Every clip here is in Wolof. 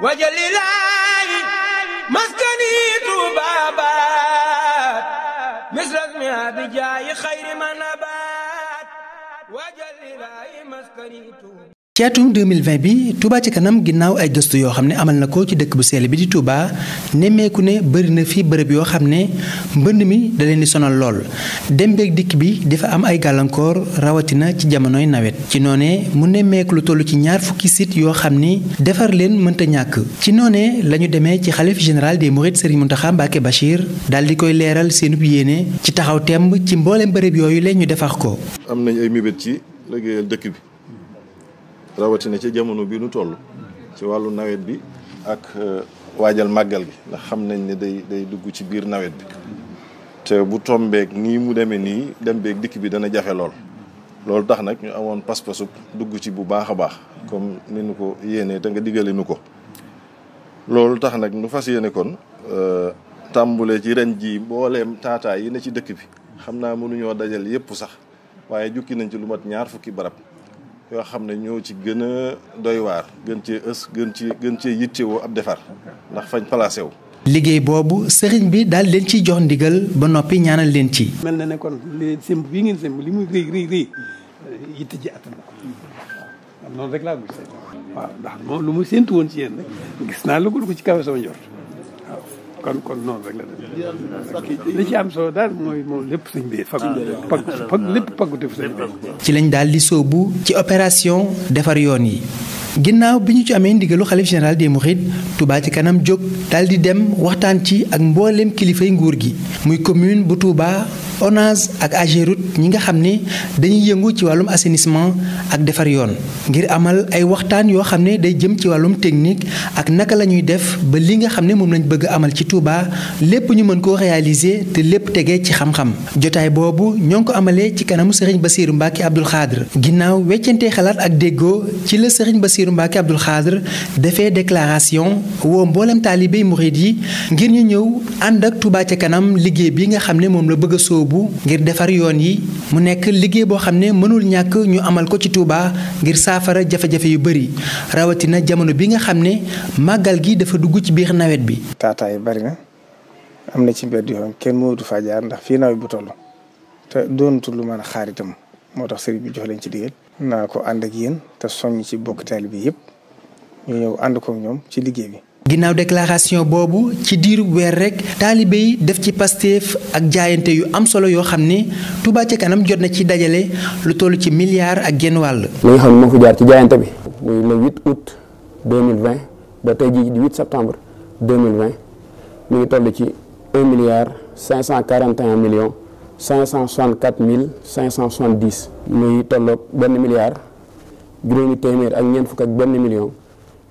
wajalilaayi maskani Tuuba baat misras mi abijaayi xayri ma nabaat wajalilaayi maskani Tuuba ci atum 2020 bi Touba ci kanam ginnaaw ay gëstu yoo xam ne amal na ko ci dëkk bu sell bi di Touba nemmeeku ne bëri na fi bërëb yoo xam ne mbënd mi da leen di sonal lool dem beeg dikk bi dafa am ay gàllankoor rawatina ci jamonoy nawet ci noonee mu nemmeeku lu toll ci ñaar fukki site yoo xam ni defar leen mënta ñàkk ci noonee lañu demee ci xalif général des mourides Serigne Mountakha Mbacké Bachir daal di koy leeral seenub yéene ci taxaw temb ci mbooleem bërëb yooyu leen ñu defar ko am nañ ci dëkk bi rawatina ci jamono bi nu toll ci wàllu nawet bi ak euh, waajal màggal gi ndax xam nañ ne day day dugg ci biir nawet bi te bu tombeek nii mu demee nii dem beeg dikk bi dana jafe lool loolu tax nag ñu amoon pas-pasub dugg ci bu baax a baax comme ni nu ko yéenee te nga diggale nu ko loolu tax nag nu fas yéene kon euh, tàmbule ci ren ji mbooleem taataay yi na ci dëkk bi xam naa mënuñoo dajal yépp sax waaye jukki nañ ci lu mat ñaar fukki barab yoo xam ne ñoo ci gën a doy waar gën cee ës gën ci gën cee yittewoo ab defar ndax fañ placé wu. liggéey boobu sëriñ bi daal leen ciy jox ndigal ba noppi ñaanal leen ci. mel na ne kon li simb bii ngeen simb li muy rëy rëy rëy ji attan ko noonu rek ndax moom lu mu séntu woon ci yéen rek gis naa lu ko ci kawe sama njort kon kon noonu rek li ci am solo daal mooy moom lépp lépp paggutef sëñ ci lañ daal di sóobu ci opération defar yoon yi ginnaaw bi ñu ci amee ndigalu xalif général des Mourides Touba ci kanam jóg daldi dem waxtaan ci ak mbooleem kilifay nguur gi muy commune bu Touba ONAS ak AGEROUTE ñi nga xam ne dañuy yëngu ci wàllum assainissement ak defar yoon ngir amal ay waxtaan yoo xam ne day jëm ci wàllum technique ak naka la ñuy def ba li nga xam ne moom lañ bëgg amal ci Touba lépp ñu mën koo réaliser te lépp tegee ci xam jotaay boobu ñoo ngi ko amalee ci kanamu Serigne Bassirou Mbacke Abdoul Khadre ginnaaw weccantee xalaat ak déggoo ci la Serigne Bassirou Mbacke Abdoul Khadre defee déclaration woo mboolem taalibe murid yi ngir ñu ñëw ànd ak Touba ca kanam liggéey bi nga xam ne moom la bëgg a sóobu bu ngir defar yoon yi mu nekk liggéey boo xam ne mënul ñàkk ñu amal ko ci Touba ngir saafara jafe-jafe yu bëri rawatina jamono bi nga xam ne màggal gi dafa dugg ci biir nawet bi. taataay bari na am na ci mbedd yoon kenn moo du fa ndax fii nawet bu toll te doonatul lu mën a xaaritam moo tax sëriñ bi jox leen ci digal. naa ko ànd ak yéen te soññ ci bokk taalibe bi yëpp ñu ñëw ànd ko ñoom ci liggéey bi. ginnaaw déclaration boobu ci diiru weer rek taalibe yi def ci Pastef ak jaayante yu am solo yoo xam ni Touba ci kanam jot na ci dajale lu toll ci milliards ak genn wàll. li nga xam ne moo fi jaar ci jaayante bi. muy le 8 août 2020 ba tey jii di 8 septembre 2020 mi ngi toll ci 1 milliard 541 millions 564 mille 570. muy tolloog benn milliard juróomi téeméer ak ñeent fukk ak benn million.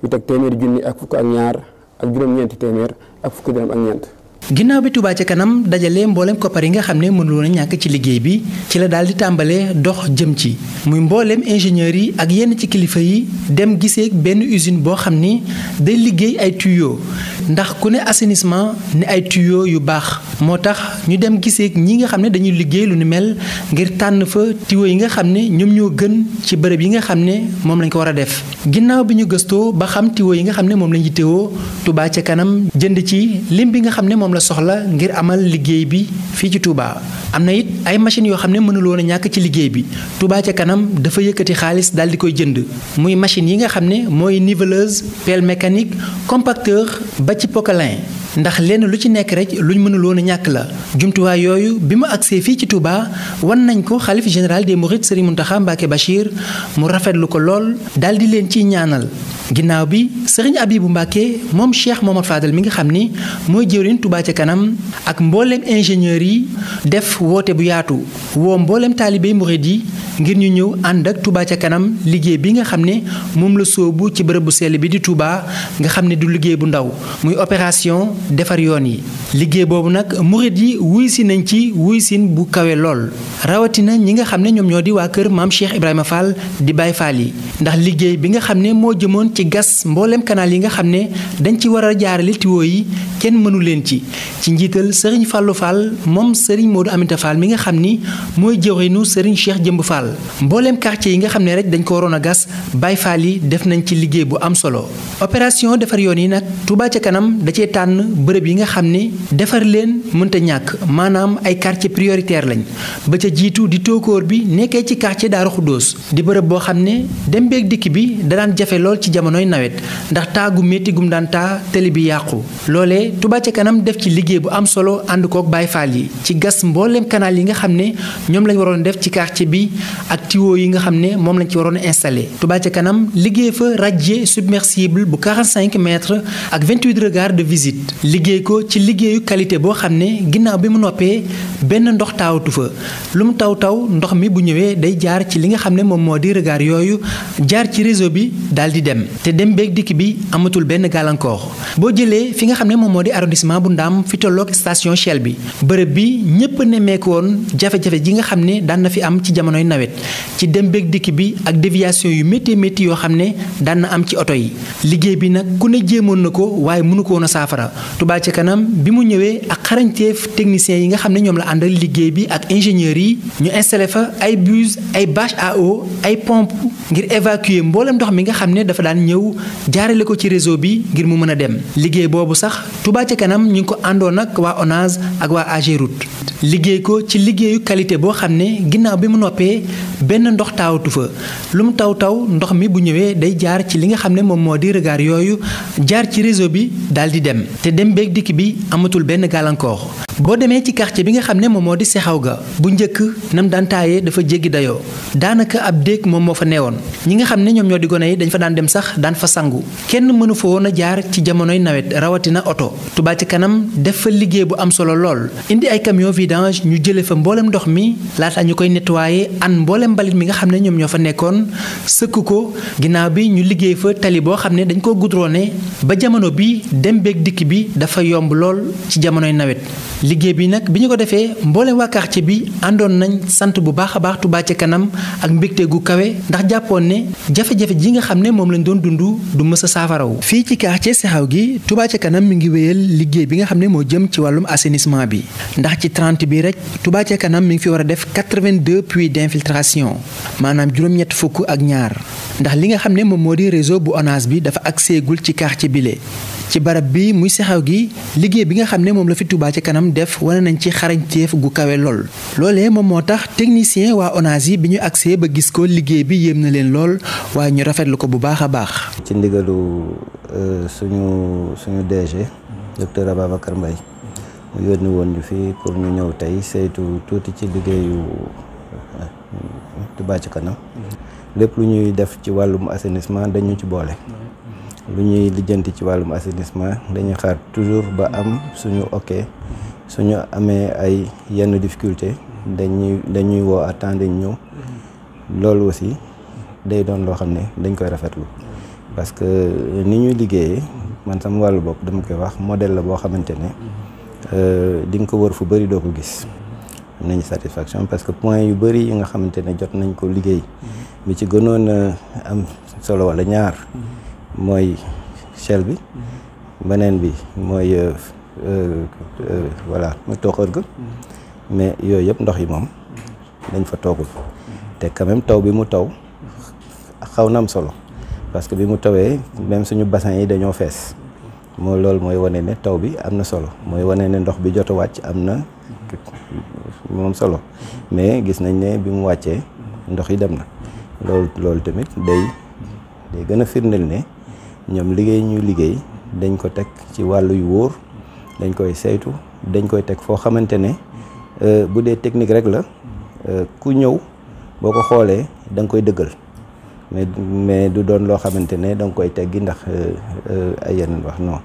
yu teg téeméeri junni ak fukk ak ñaar ak juróom-ñeenti téeméer ak fukki dërëm ak ñeent. ginnaaw bi Touba ci kanam dajale mboolem koppar yi nga xam ne mënul woon a ñàkk ci liggéey bi ci la daal di tàmbalee dox jëm ci muy mbooleem ingénieurs yi ak yenn ci kilifa yi dem gisee benn usine boo xam ne day liggéey ay tuyaux ndax ku ne assainissement ne ay tuyaux yu baax moo tax ñu dem gisee ñi nga xam ne dañuy liggéey lu ni mel ngir tànn fa tuyaux yi nga xam ne ñoom ñoo gën ci bërëb yi nga xam ne moom lañ ko war a def ginnaaw bi ñu gëstoo ba xam tuyaux yi nga xam ne moom lañ yittewoo Touba ca kanam jënd ci lim bi nga xam ne moom la soxla ngir amal liggéey bi fii ci Touba am na it ay machines yoo xam ne mënul woon a ñàkk ci liggéey bi Touba ca kanam dafa yëkkati xaalis daal di koy jënd muy machines yi nga xam ne mooy niveleuse pelle mécanique compacteur ci pokalin ndax lenn lu ci nekk rek lu mënul woon a ñàkk la jumtuwaay yooyu bi mu agsee fii ci Touba wan nañ ko xalif général des Mourides Serigne Mountakha Mbacké Bachir mu rafetlu ko lool daal di leen ci ñaanal ginnaaw bi Serigne bu Mbacké moom Cheikh Momar Fadal mi nga xam ni mooy jëwriñ Touba ca kanam ak mbooleem ingénieur yi def woote bu yaatu woo mbooleem taalibey Mouride yi ngir ñu ñëw ànd ak Touba ca kanam liggéey bi nga xam ne moom la sóobu ci bërëb bu sell bi di Touba nga xam ne du liggéey bu ndaw muy opération defar yoon yi liggéey boobu nag murit yi wuy si nañ ci wuy sin bu kawe lool rawatina ñi nga xam ne ñoom ñoo di waa kër maam Cheikh Ibrahima Fall di Baye faal yi ndax liggéey bi nga xam ne moo jëmoon ci gas mboolem kanaal yi nga xam ne dañ ci war a jaarale tiwo yi kenn mënu leen ci ci njiital Serigne Fallou Fall moom moo Modou aminte Fall mi nga xam ni mooy nu Serigne Cheikh Jëmb Fall mbooleem quartier yi nga xam ne rek dañ ko waroon a gas Baye Fall yi def nañ ci liggéey bu am solo opération defar yoon yi nag Touba ca kanam da cee tànn bërëb yi nga xam ni defar leen mënta ñàkk maanaam ay quartier prioritaire lañ ba ca jiitu di tóokóor bi nekkee ci quartier Daaru doos di bërëb boo xam ne dem beeg dikk bi da daan jafe lool ci jamonoy nawet ndax taa gu daan taa télé bi yàqu ne Touba ca kanam def ci liggéey bu am solo ànd kook Baye Fall yi ci gas mboolem canal yi nga xam ne ñoom lañ waroon def ci quartier bi ak tuyaux yi nga xam ne moom lañ ci waroon installé Touba ca kanam liggéey fa radier submersible bu 45 mètres ak 28 regards de visite liggéey ko ci liggéeyu qualité boo xam ne ginnaaw bi mu noppee benn ndox taawatu fa lu mu taw taw ndox mi bu ñëwee day jaar ci li nga xam ne moom moo di regard yooyu jaar ci réseau bi daal di dem te dem beeg dikk bi amatul benn gàllankoor moo di arrondissement bu ndaam fi tolloog station Shell bi bërëb bi ñépp nemmeeku woon jafe-jafe ji nga xam ne daan na fi am ci jamonoy nawet ci dem beeg dikk bi ak déviation yu métti métti yoo xam ne daan na am ci oto yi liggéey bi nag ku ne jéemoon na ko waaye mënu ko woon saafara Touba ci kanam bi mu ñëwee ak xarañteef techniciens yi nga xam ne ñoom la àndal liggéey bi ak ingénieurs yi ñu installé fa ay bus ay bâche à ay pompe ngir évacuer mboole ndox mi nga xam ne dafa daan ñëw jaarale ko ci réseau bi ngir mu mën a dem liggéey boobu sax Touba ca kanam ñu ngi ko àndoon nag waa ONAS ak waa AGEROUTE liggéey ko ci liggéeyu qualité boo xam ne ginnaaw bi mu noppee benn ndox taawatu fa lu mu taw taw ndox mi bu ñëwee day jaar ci li nga xam ne moom moo di regard yooyu jaar ci réseau bi daal di dem te dem beeg dikk bi amatul benn gàllankoor. boo demee ci quartier bi nga xam ne moom moo di sexaw ga bu njëkk nam daan taayee dafa jéggi dayoo daanaka ab déeg moom moo fa neewoon ñi nga xam ne ñoom ñoo di gone yi dañ fa daan dem sax daan fa sangu kenn mënu fa woon a jaar ci jamonoy nawet rawatina oto tubaat ci kanam def fa liggéey bu am solo lool indi ay camion vidange ñu jële fa mboolem ndox mi laata ñu koy nettoyé an mboolem mbalit mi nga xam ne ñoom ñoo fa nekkoon sëkk ko ginnaaw bi ñu liggéey fa boo xam ne dañ ko goudronné ba jamono bi dem beeg dikk bi dafa yomb lool ci jamonoy nawet liggéey bi nag bi ñu ko defee mboole waa quartier bi àndoon nañ sant bu baax a baax Touba ca kanam ak mbégte gu kawe ndax jàppoon ne jafe-jafe ji nga xam ne moom lañ doon dund du mës a fii ci quartier Seexaw gi Touba ca kanam mi ngi wéyal liggéey bi nga xam ne moo jëm ci wàllum assainissement bi ndax ci 30 bi rek Touba ca mi ngi fi war a def 82 puits d'infiltration maanaam juróom-ñett fukk ak ñaar ndax li nga xam ne moom moo di réseau bu ONAS bi dafa accès gul ci bile ci barab bi muy Seexaw gi liggéey bi nga xam ne moom la fi Touba ca kanam def wane nañ ci xarañteef gu kawe lool loolee moom moo tax technicien waa ONAS yi bi ñu agsee ba gis ko liggéey bi yéem na leen lool waaye ñu rafetlu ko bu baax a baax. ci ndigalu euh, suñu suñu DG docteur Ababacar mbay mu yónni woon ñu fii pour ñu ñëw tey saytu tuuti ci liggéeyu euh, Touba Ca Kanam mm-hmm. lépp lu ñuy def ci wàllum assainissement dañu ci boole. Mm-hmm. lu ñuy lijjanti ci wàllum assainissement dañuy xaar toujours ba am suñu ok suñu amee ay yenn difficulté dañuy dañuy woo à temps dañ ñëw loolu aussi day doon loo xam ne dañ koy rafetlu parce que ni ñuy liggéeyee man sama wàllu bopp dama koy wax modèle la boo xamante ne euh, di nga ko war fu bëri doo ko gis am nañu satisfaction parce que point yu bëri yi nga xamante ne jot nañ ko liggéey bi ci gënoon a am solo wala ñaar mooy chelle bi beneen bi mooy euh, euh, voilà mooy tooxër ga mais yooyu yëpp ndox yi moom dañ fa toogul te quand même taw bi mu taw xaw na am solo parce que bi mu tawee même suñu bassin yi dañoo fees moo loolu mooy wane ne taw bi am na solo mooy wane ne ndox bi jot a wàcc am na moom solo mais gis nañ ne bi mu wàccee ndox yi dem na loolu loolu tamit day day gën a firndeel ne ñoom liggéey ñuy liggéey dañ ko teg ci wàll yu wóor dañ koy saytu dañ koy teg foo xamante ne euh, bu dee technique rek la euh, ku ñëw boo ko xoolee da nga koy dëggal mais mais du doon loo xamante ne da nga koy teggi ndax euh, ay yeneen wax non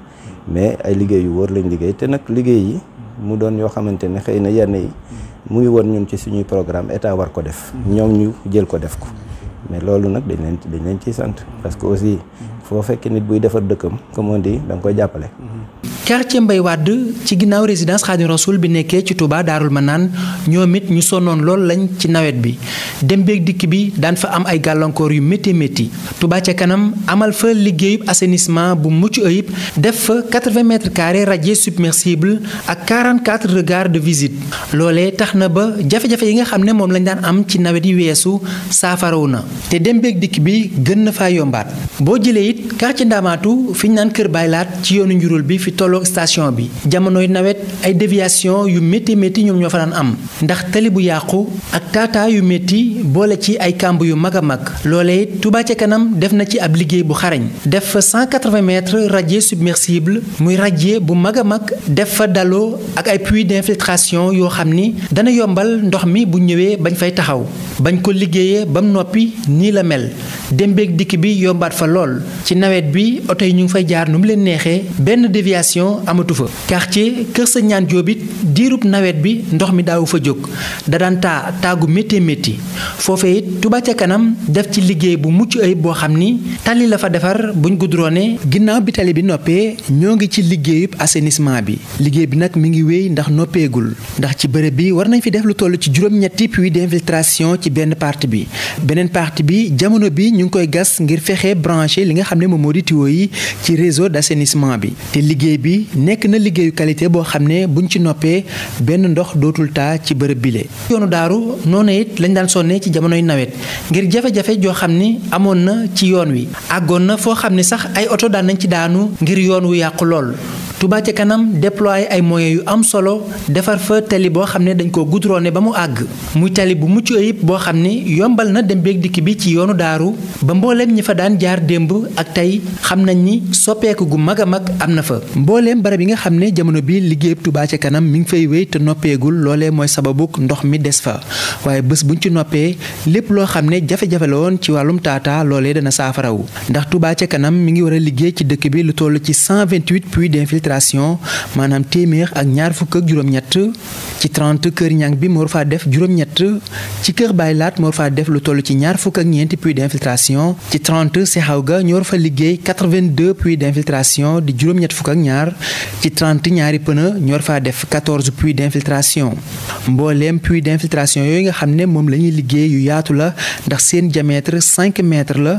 mais ay liggéey yu wóor lañ liggéey te nag liggéey yi mu doon yoo xamante ne xëy na yenn yi mu ngi woon ñun ci suñuy programme état war ko def mm-hmm. ñoom ñu jël ko def ko mais loolu nag dañ leen ciy sant parce aussi foo fekkee nit buy defar dëkkam comme on dit da nga koy jàppale. Mhm. quartier Mbay Wàdd ci ginnaaw résidence Xaadim Rasul bi nekkee ci Touba Daarul naan ñoom it ñu sonnoon lool lañ ci nawet bi dem beeg dikk bi daan fa am ay gàllankoor yu métti métti tubaa ca kanam amal fa liggéeyub assainissement bu mucc ayib def fa 80 mètres carrés radier submersible ak 44 regards de visite loole tax na ba jafe-jafe yi nga xam ne moom lañ daan am ci nawet yi weesu saafarawu na te dem beeg dikk bi gën na fa yombaat boo jële it quartier tolloog station bi jamonoy nawet ay déviation yu métti métti ñoom ñoo fa daan am ndax tali bu yàqu ak taataa yu métti boole ci ay kàmb yu mag a mag loolee Touba ca kanam def na ci ab liggéey bu xarañ def fa 180 raje radier submersible muy radier bu mag a mag def fa daloo ak ay puits d'infiltration yoo xam ni dana yombal ndox mi bu ñëwee bañ fay taxaw bañ ko liggéeyee bam noppi nii la mel démbeeg dikk bi yombaat fa lool ci nawet bi oto yi ñu ngi fay jaar nu mu leen neexee benn déviation robinet amatu fa. ci Kër Sëñ Ñaan Jóob diirub nawet bi ndox mi daawu fa jóg da tàggu taa taagu méttee métti foofee it Touba ca kanam def ci liggéey bu mucc ay boo xam ni tali la fa defar buñ goudronné ginnaaw bi tali bi noppee ñoo ngi ci liggéeyub assainissement bi liggéey bi nag mi ngi wéy ndax noppeegul ndax ci bërëb bi war nañ fi def lu toll ci juróom-ñetti puits d'infiltration ci benn partie bi beneen partie bi jamono bi ñu ngi koy gas ngir fexe branché li nga xam ne moom moo di yi ci réseau d'assainissement bi bi bi nekk na liggéeyu qualité boo xam ne buñ ci noppee benn ndox dootul taa ci bërëb bile. yoonu daaru noonu it lañ daan sonne ci jamonoy nawet ngir jafe-jafe joo xam ni amoon na ci yoon wi àggoon na foo xam ne sax ay oto daan nañ ci daanu ngir yoon wu yàqu lool. Touba ci kanam déployé ay moyens yu am solo defar fa tali boo xam ne dañ koo rone ba mu àgg muy tali bu mucc ayib boo xam ne yombal na dem beeg dikk bi ci yoonu daaru ba mbooleem ñi fa daan jaar démb ak tey xam nañ ni soppeeku gu mag a mag am na mbooleem barab yi nga xam ne jamono bi liggéeyub Touba ca kanam mi ngi fay wéy te noppeegul loole mooy sababuk ndox mi des fa waaye bés buñ ci noppee lépp loo xam ne jafe-jafe la woon ci wàllum taata loole dana saafarawu ndax Touba ca kanam mi ngi war a liggéey ci dëkk bi lu toll ci 128 puits d'infiltration maanaam téeméer ak ñaar fukk ak juróom-ñett ci 30 kër ñang bi moo faa def juróom-ñett ci kër Baay Laat moo faa def lu toll ci ñaar fukk ak ñeenti puits d'infiltration ci 30 Sexaw ga ñoo fa liggéey 82 puits d'infiltration di juróom fukk ak ci trente ñaari pneu ñor faa def quatorze puits d'infiltration mbooleem puits d'infiltration yooyu nga xam ne moom la ñuy liggéey yu yaatu la ndax seen diamètre cinq mètres la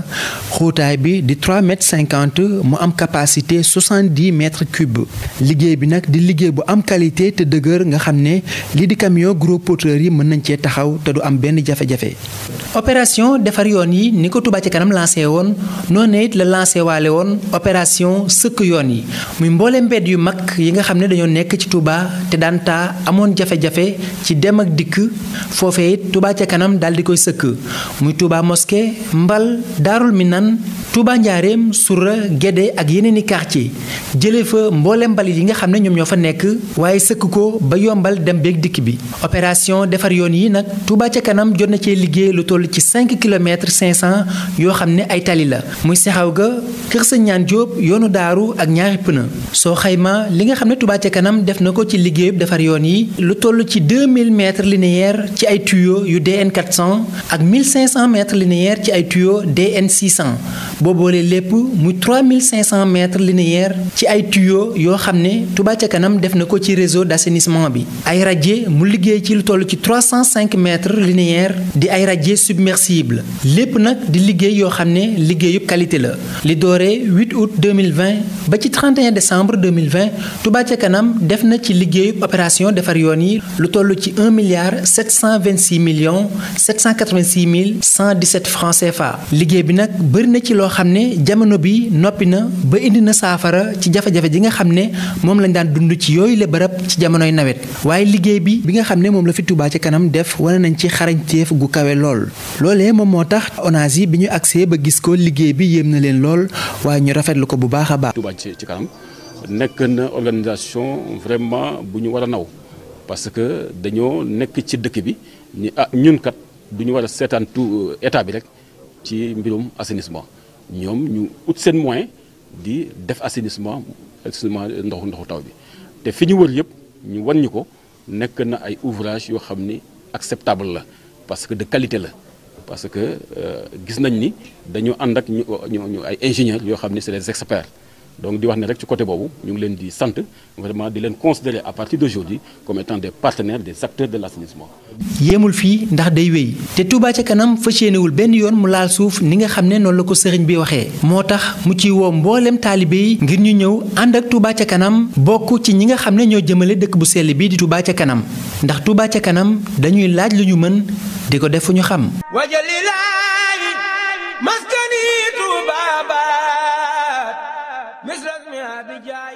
xóotaay bi di trois cinquante mu am capacité soixante dix mètres cubes liggéey bi nag di liggéey bu am qualité te dëgër nga xam ne lii di camion gros porteurs yi mën nañ cee taxaw te du am benn jafe-jafe. opération defar yoon yi ni ko Touba ci kanam lancé woon noonu it la lancé waale woon opération sëkk yoon yi mbedd yu mag yi nga xam ne dañoo nekk ci Touba te daan taa amoon jafe-jafe ci dem ak dikk foofe it Touba ca kanam daal di koy sëkk muy Touba mosquée Mbal Daarul Minan Touba Njaareem Soura Gédé ak yeneen i quartier jëlee fa mboole mbalit yi nga xam ne ñoom ñoo fa nekk waaye sëkk ko ba yombal dem beeg dikk bi opération defar yoon yi nag Touba ca kanam jot na cee liggéey lu toll ci 5 kilomètres 500 yoo xam ne ay tali la muy saxaw ga Kër Sëñ Ñaan Jóob yoonu daaru soo xayma li nga xam ne Touba ca kanam def na ko ci liggéey defar yoon yi lu toll ci 2000 mètres linéaires ci ay tuyaux yu DN 400 ak 1500 mètres linéaires ci ay tuyaux DN 600 boo boolee lépp muy 3500 mètres linéaires ci ay tuyaux yoo xam ne Touba kanam def na ko ci réseau d'assainissement bi ay radier mu liggéey ci lu toll ci 305 mètres linéaires di ay radier submersible lépp nag di liggéey yoo xam ne liggéeyub qualité la li dooree 8 ba ci décembre novembre 2020 Touba ca kanam def na ci liggéeyu opération defar yoon yi lu toll ci 1 milliard 726 millions 786 mille 117 francs CFA liggéey bi nag bëri na ci loo xam ne jamono bi noppi na ba indi na saafara ci jafe-jafe ji nga xam ne moom lañ daan dund ci yooyu la bërëb ci jamonoy nawet waaye liggéey bi bi nga xam ne moom la fi Touba ca kanam def wane nañ ci xarañteef gu kawe lool loole moom moo tax ONAS yi bi ñu agsee ba gis ko liggéey bi yéem na leen lool waaye ñu rafetlu ko bu baax a baax. Touba ci kanam nekk na organisation vraiment bu ñu war a naw parce que dañoo nekk ci dëkk bi ni ah ñun kat du ñu war a seetaan tout euh, état bi rek ci mbirum assainissement ñoom ñu ut seen moyen di def assainissement assainissement ndoxu ndoxu taw bi te fi ñu wër yëpp ñu wan ñu ko nekk na ay ouvrage yoo xam ni acceptable la parce que de qualité la parce que euh, gis nañ ni dañoo ànd ak ñu ñu ay ingénieurs yoo xam ni c'est des experts donc di wax ne rek ci côté boobu ñu ngi leen di sant vraiment di leen considérer à partir de comme étant des partenaires des acteurs de l'assainissement. yéemul fii ndax day wéy te Touba ca kanam fas yéenewul benn yoon mu laal suuf ni nga xam ne noonu la ko sëriñ bi waxee moo tax mu ci woo mboolem taalibe yi ngir ñu ñëw ànd ak Touba ca kanam bokk ci ñi nga xam ne ñoo jëmale dëkk bu sell bii di Touba ca kanam ndax Touba ca kanam dañuy laaj lu ñu mën di ko def fu ñu xam. misras mi abi jaay